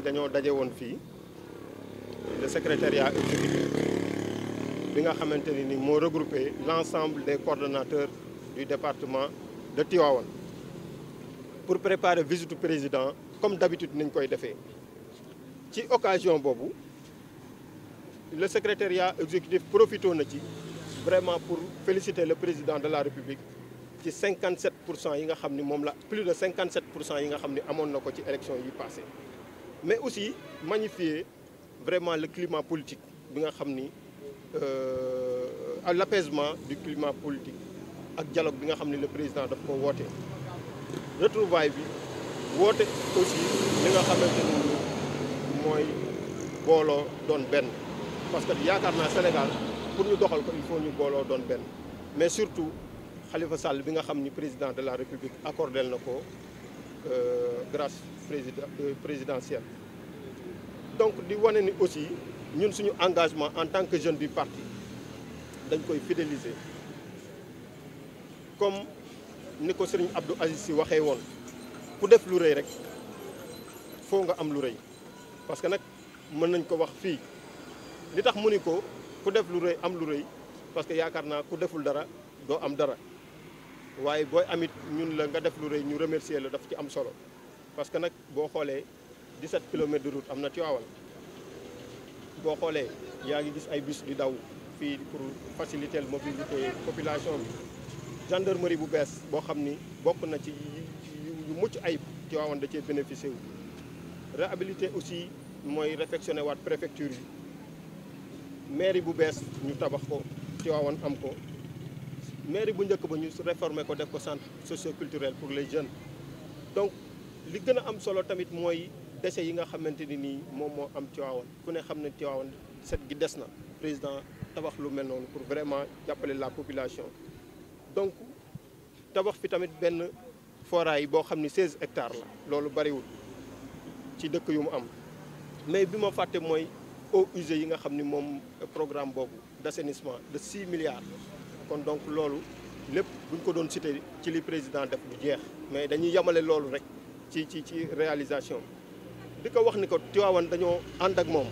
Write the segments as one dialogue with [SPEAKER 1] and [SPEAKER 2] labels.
[SPEAKER 1] dañoo daje woon fii le secrétariat exécutif bi nga xamante ni moo regroupé l'ensemble des coordonnateurs du département de Tivaouane pour préparer visite président comme d'habitude nañ koy defee ci occasion boobu le secrétariat exécutif profitoo na ci vraiment pour féliciter le président de la République ci 57 pour cent yi nga xam ni moom la plus de 57 pour cent yi nga xam ni amoon na ko ci élection yi passé mais aussi magnifier vraiment le climat politique bi nga xam ni euh, à l' di climat politique ak dialogue bi nga xam ni la président daf ko woote. retrouvaille bi woote aussi li nga xamante ni mooy booloo doon benn parce que yaakaar naa Sénégal pour ñu doxal ko il faut ñu booloo doon benn mais surtout xalifa Sall bi nga xam ni président de la République accordé na ko. Euh, grâce euh, présidentielle donc di wane ni aussi ñun suñu engagement en tant que jeune du parti dañ koy fidéliser comme ni ko sëriñ Abdou Aziz si waxee woon ku def lu rëy rek foo nga am lu rëy parce que nag mën nañ ko wax fii li tax mu ni ko ku def lu rëy am lu rëy parce que yaakaar naa ku deful dara doo am dara waaye booy amit ñun la nga def lu rëy ñu remercier la daf ci am solo parce que nag boo xoolee 17 kilomètres de route am na Tivaouane boo xoolee yaa ngi gis ay bus di daw fii pour faciliter mobilité population bi gendarmerie bu bees boo xam ni bokk na ci yu mucc ay Tivaouane da cee bénéficié wu aussi mooy réfectionné waat préfecture yi mairie bu bees ñu tabax ko Tivaouane am ko mairie bu njëkk ba ñu réformer ko def ko centre socioculturel pour les jeunes donc li gën a am solo tamit mooy déchets yi nga xamante ni nii moom moo am Tivaouane ku ne xam ne Tivaouane set gi des na président tabax lu mel noonu pour vraiment jàppale la population donc tabax fi tamit benn foraay boo xam ni 16 hectare la loolu bariwul ci dëkk yu mu am mais bi ma fàtte mooy eaux usées yi nga xam ni moom programme boobu de d'assainissement de 6 milliards kon donc loolu lépp bu ñu ko doon cité ci li président def bu jeex mais dañuy yamale loolu rek ci ci ci réalisation di ko wax ni ko Tivaouane dañoo ànd ak moom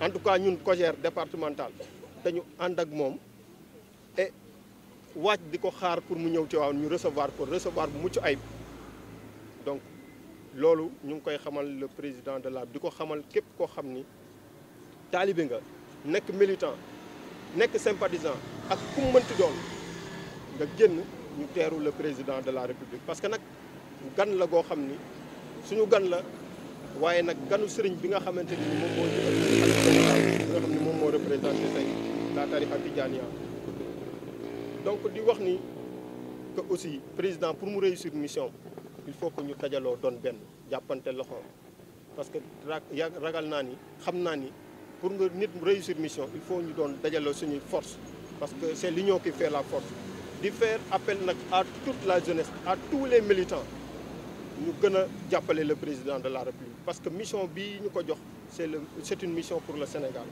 [SPEAKER 1] en tout cas ñun COJER départemental dañu ànd ak moom et waaj di ko xaar pour mu ñëw Tivaouane ñu recevoir pour recevoir bu mucc ayib donc loolu ñu ngi koy xamal le président de la di ko xamal képp koo xam ni taalibe nga nekk militant nekk sympathisant ak ku mu mënti doon nga génn ñu teeru la président de la république parce que nag gan la goo xam ni suñu gan la waaye nag ganu sëriñ bi nga xamante ni moom moo jël bi tey la tarixa tijaaniya donc di wax ni que aussi président pour mu réussir mission il faut que ñu tajaloo doon benn jàppante loxo parce que ragal naa ni xam naa ni pour nga nit mu réussir mission il faut ñu doon dajaloo suñuy force parce que c'est l'union qui fait la force di faire appel nag à toute la jeunesse à tous les militants ñu gën a jàppale le président de la république parce que mission bii ñu ko jox c'est le c'est une mission pour le Sénégal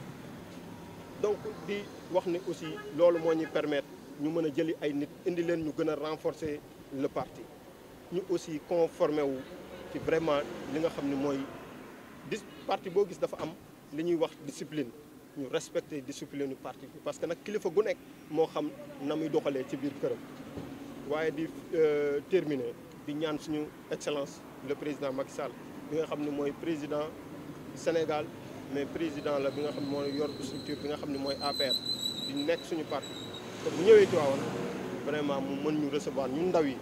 [SPEAKER 1] donc di wax ni aussi loolu moo ñuy permettre ñu mën a jëli ay nit indi leen ñu gën a renforcer le parti ñu aussi conformé wu ci vraiment li nga xam ne mooy dis parti boo gis dafa am li ñuy wax discipline ñu respecté discipline nu parti bi parce que nag kilifa gu nekk moo xam na muy doxalee ci biir këram waaye di euh, terminer di ñaan suñu excellence le président Macky Sall bi nga xam ne mooy président Sénégal mais président la bi nga xam ne mooy yor structure bi nga xam ne mooy APR di nekk suñu parti te bu ñëwee Tivaouane vraiment mu mën ñu recevoir ñun ndaw yi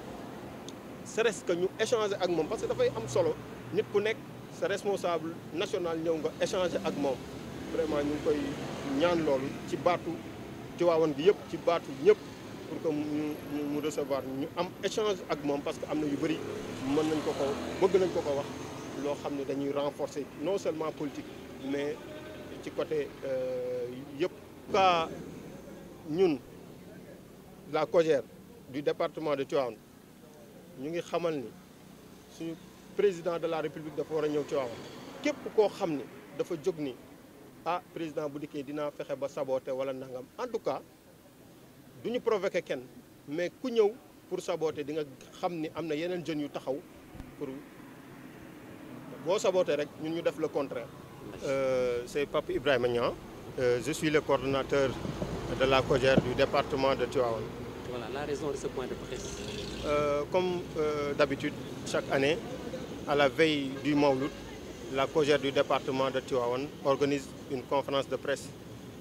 [SPEAKER 1] serait que ñu échanger ak moom parce que dafay am solo nit ku nekk sa responsable national ñëw nga échanger ak moom vraiment ñu ngi koy ñaan loolu ci baatu Tiwaawan gi yëpp ci baatu ñëpp pour que mu mu recevoir ñu am échange ak moom parce que am na yu bëri mën nañ ko ko bëgg nañ ko ko wax loo xam ne dañuy renforcer non seulement politique mais ci côté euh, yëpp. en ñun la COJER du département de Tivaouane ñu ngi xamal ni suñu président de la république dafa war a ñëw Tivaouane képp koo xam ni dafa jóg ni. ah président bu dikkee dinaa fexe ba saboté wala nangam en tout cas du ñu provoqué kenn mais ku ñëw pour saboté di nga xam ni am na yeneen jeunes yu taxaw pour boo saboté rek ñun ñu def le contraire. Euh, c'est Pape Ibrahima Niang. Euh, je suis le coordonnateur de la COJER du département de Tivaouane. voilà la raison de ce point de presse. Euh, comme euh, d'habitude chaque année à la veille du Mawlud. la COGER du département de Tivaouane organise une conférence de presse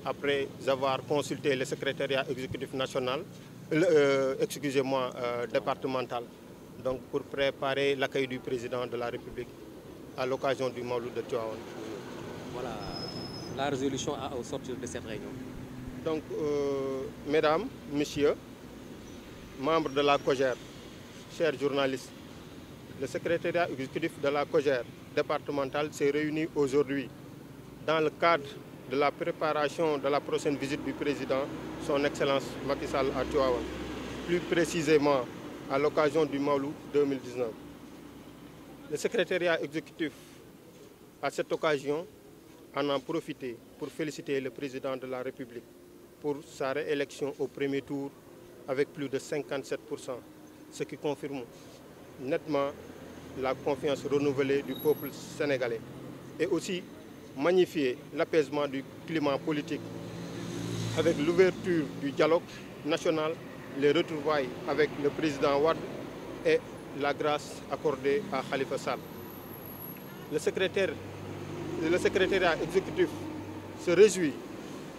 [SPEAKER 1] après avoir consulté le secrétariat exécutif national, euh, euh excusez euh, départemental, donc pour préparer l'accueil du président de la République à l'occasion du Mawlid de Tivaouane. Voilà la résolution de cette réunion. Donc, euh, mesdames, messieurs, membres de la COGER, chers journaliste le secrétariat exécutif de la COGER départementale s'est réuni aujourd'hui dans le cadre de la préparation de la prochaine visite du président, son Excellence Macky Sall à Tivaouane, plus précisément à l'occasion du Maouloud 2019. Le secrétariat exécutif, à cette occasion, en a profité pour féliciter le président de la République pour sa réélection au premier avec plus de 57%, ce qui confirme nettement la confiance renouvelée du peuple sénégalais et aussi magnifier l'apaisement du climat politique avec l'ouverture du dialogue national, les retrouvailles avec le président Wade et la grâce accordée à Khalifa Sall. Le secrétaire, le secrétariat exécutif se réjouit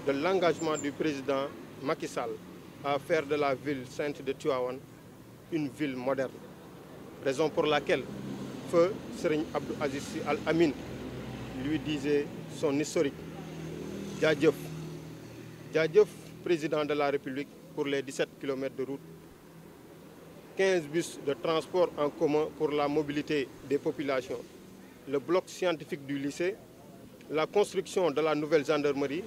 [SPEAKER 1] de l'engagement du président Macky Sall à faire de la ville sainte de Tivaouane une ville moderne. Raison pour laquelle feu Serigne Abdou Aziz Sy Al Amine lui disait son historique. Jaajëf jaajëf président de la République pour les 17 kilomètres de route. 15 bus de transport en commun pour la mobilité des populations. Le bloc scientifique du lycée, la construction de la nouvelle gendarmerie,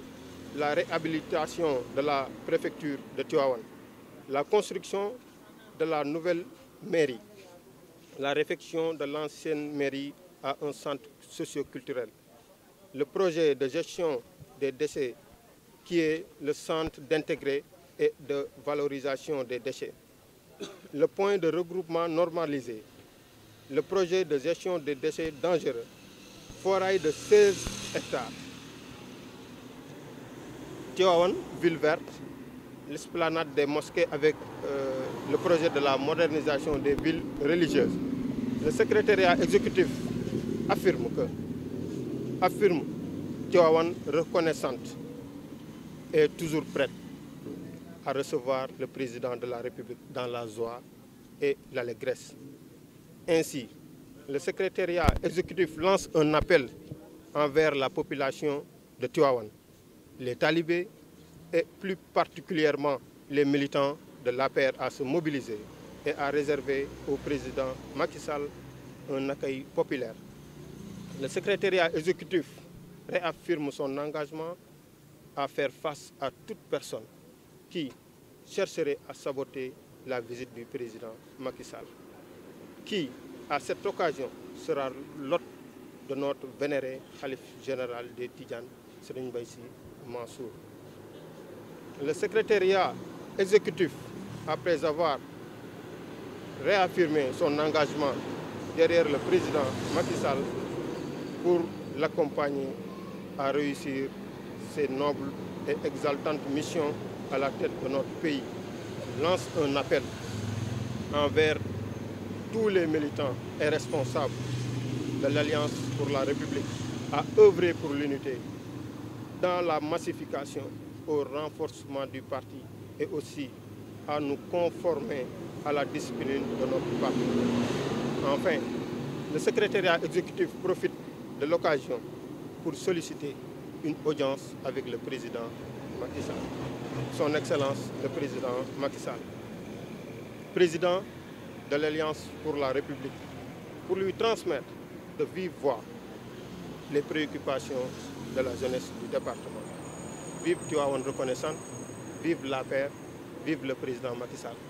[SPEAKER 1] la réhabilitation de la préfecture de Tivaouane, la construction de la nouvelle mairie. la réfection de l'ancienne mairie à un centre socioculturel. Le projet de gestion des déchets qui est le centre d'intégrer et de valorisation des déchets. Le point de regroupement normalisé. Le projet de gestion des déchets dangereux. Forêt de 16 hectares. Tivaouane, ville verte. l'esplanade des mosquées avec euh, le projet de la modernisation des villes religieuses. Le secrétariat exécutif affirme que affirme Tivaouane reconnaissante est toujours prête à recevoir le président de la République dans la joie et l'allégresse. Ainsi, le secrétariat exécutif lance un appel envers la population de Tivaouane, les talibés et plus particulièrement les militants de l'APR à se mobiliser et à réserver au président Macky Sall un accueil populaire. Le secrétariat exécutif réaffirme son engagement à faire face à toute personne qui chercherait à saboter la visite du président Macky Sall, qui, à cette occasion, sera l'hôte de notre vénéré calife général des Tidjanes, Serigne Baïsi Mansour. le secrétariat exécutif, après avoir réaffirmé son engagement derrière le président Macky Sall pour l'accompagner à réussir ses nobles et exaltantes missions à la tête de notre pays, lance un appel envers tous les militants et responsables de l'Alliance pour la République à œuvrer pour l'unité dans la massification au renforcement du parti et aussi à nous conformer à la discipline de notre parti. Enfin, le secrétariat exécutif profite de l'occasion pour solliciter une audience avec le président Macky Sall. Son Excellence le président Macky président de l'Alliance pour la République, pour lui transmettre de vive voix les préoccupations de la jeunesse du département. vive Tivaouane reconnaissante vive la paix vive le président Macky